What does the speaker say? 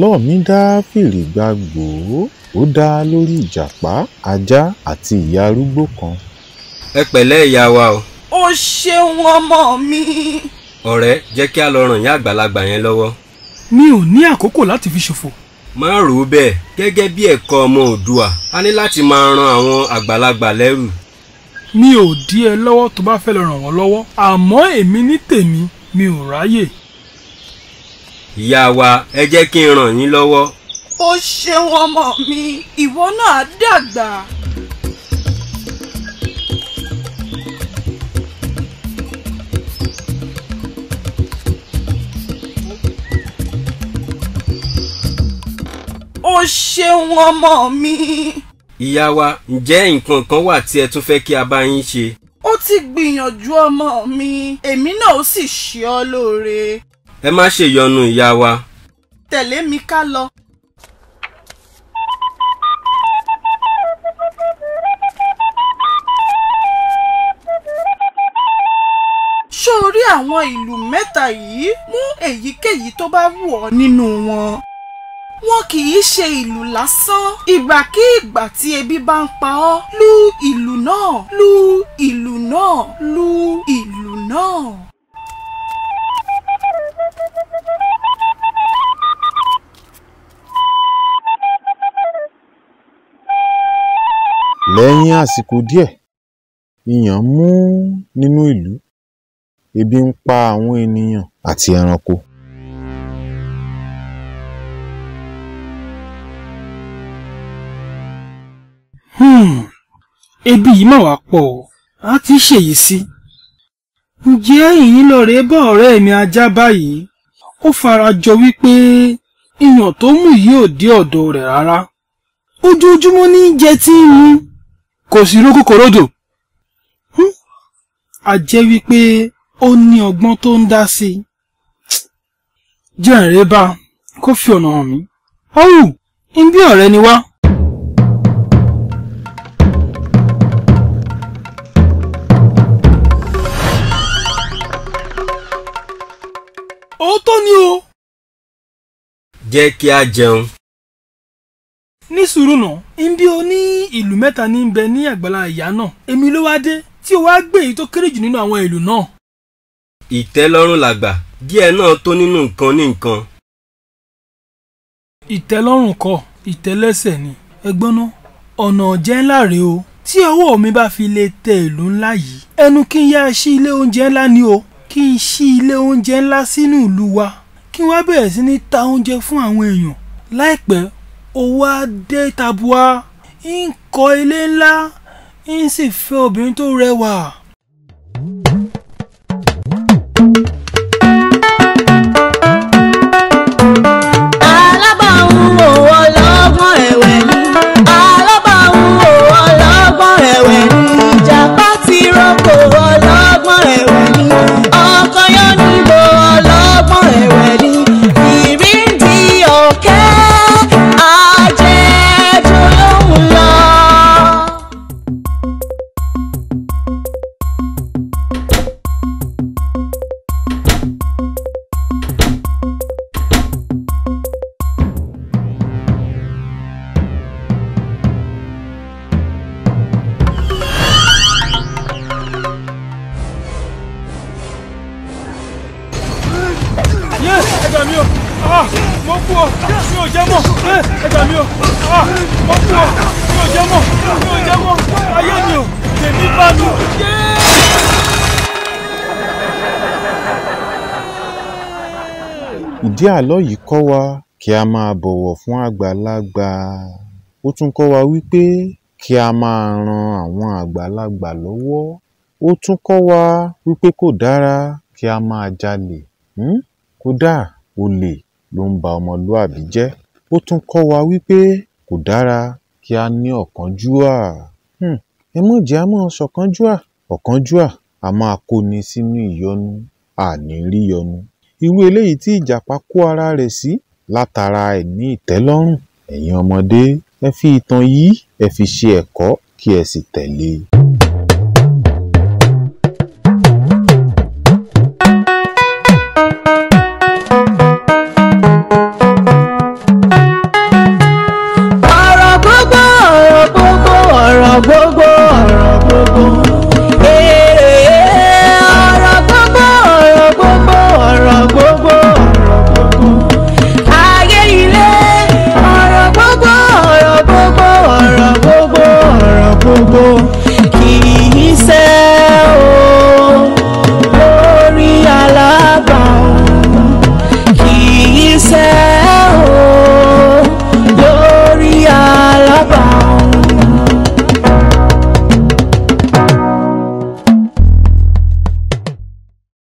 Àlọ́ mi dá fìrìgba gbòó, ó dá lórí Ìjàpá, ajá àti ìyá arúgbó kan. Ẹ pẹ̀lẹ́ ìyá wa o. O ṣeun ọmọ mi. Ọ̀rẹ́ jẹ́ kí a lọ ràn yá àgbàlagbà yẹn lọ́wọ́. Mi ò ní àkókò láti fi ṣòfò. Má rò ó bẹ́ẹ̀ gẹ́gẹ́ bí ẹ̀kọ́ ọmọ Oòduà a ní láti máa ran àwọn àgbàlagbà lẹ́rù. Mi ò dí ẹ lọ́wọ́ tó bá fẹ́ lọ ràn wọ́n lọ́wọ́ àmọ́ èmi ní tèmi mi ò ráyè ìyá wa ẹ jẹ́ kí n ràn yín lọ́wọ́. ó ṣeun ọmọ mi ìwọ náà dàgbà. ó ṣeun ọmọ mi. ìyá wa ǹjẹ́ nǹkan kan wà tí ẹ tún fẹ́ kí a bá yín ṣe. ó ti gbìyànjú ọmọ mi èmi náà ó sì ṣe ọ́ lóore ẹ má ṣe yọnu ìyá wa. tẹ̀lé mi ká lọ. ṣó o rí àwọn ìlú mẹ́ta yìí mú èyíkéyìí tó bá wù ọ́ nínú wọn. wọn kì í ṣe ìlú lásán ìgbàkígbà tí ebi bá ń pa ọ́ lu ìlú náà lu ìlú náà lu ìlú náà. lẹ́yìn àsìkò díẹ̀ ìyàn mú nínú ìlú ebi ń pa àwọn ènìyàn àti ẹranko. Hmm, ebi yìí mà wá pọ̀ o a ti ṣèyí sí. ǹjẹ́ ìyín lọ rèé bá ọ̀rẹ́ mi ajá báyìí ó fara jọ wípé iyàn tó mú yìí ò dé ọ̀dọ̀ rẹ̀ rárá ojoojúmọ́ ní í jẹ tí ń mu. kò sí rókòkòròdò. a jẹ́ wípé ó ní ọgbọ́n tó ń dá sí i. jẹ́ǹrẹ́ bá kó fi ọ̀nà hàn mí. ọ̀hún ń bí ọ̀rẹ́ ni wá. òótọ́ ni o. jẹ́ kí a jẹun. ní sùúrù náà nbí o ní ìlú mẹ́ta ní bẹ ní àgbàlá ìyá náà èmi ló wá dé tí o wá gbé èyí tó kéré jù nínú àwọn ìlú náà. ìtẹ́lọ́rùn làgbà díẹ̀ náà tó nínú nǹkan ní nǹkan. ìtẹ́lọ́rùn kọ́ ìtẹ́lẹ́sẹ̀ ni ẹgbọ́n náà ọ̀nà ọ̀jẹ́ ńlá rèé o tí ọwọ́ mi bá fi lè tẹ ìlú ńlá yìí ẹnu kí n yá sí ilé oúnjẹ ńlá ni o kí n sí ilé oúnjẹ ńlá sínú ìlú wa kí n bẹ̀rẹ̀ sí ní ta oúnjẹ fún àwọn èèyàn láìpẹ́ ó wá dé tabua ń kọ́ ilé ńlá ń sì fẹ́ obìnrin tó rẹwà. mo kú o mi ò jẹ́ mọ́ ẹ̀dá mi o ah, mo kú o mi ò jẹ́ mọ́ mi ò jẹ́ mọ́ ayé mi o tèmi bá mi ìdí àlọ́ yìí kọ́ wa kí a máa bọ̀wọ̀ fún àgbàlagbà ó tún kọ́ wa wípé kí a máa ran àwọn àgbàlagbà lọ́wọ́ ó tún kọ́ wa wípé kò dára kí a máa jalè hmm? kódà olè ló ń ba ọmọlúàbí jẹ́. Ó tún kọ́ wa wípé kò dára kí a ní ọ̀kánjúà. um Ẹ má jẹ́ á máa ṣọ̀kánjúà. Ọ̀kánjúà a máa kóni sínú ìyọnu, àní ríyọnu. Irú eléyìí tí Ìjàpá kó ara rẹ̀ sí látara àìní ìtẹ́lọ́rùn. Ẹ̀yin ọmọdé, ẹ fi ìtàn yìí, ẹ fi ṣe ẹ̀kọ́ kí ẹ sì tẹ̀lé e.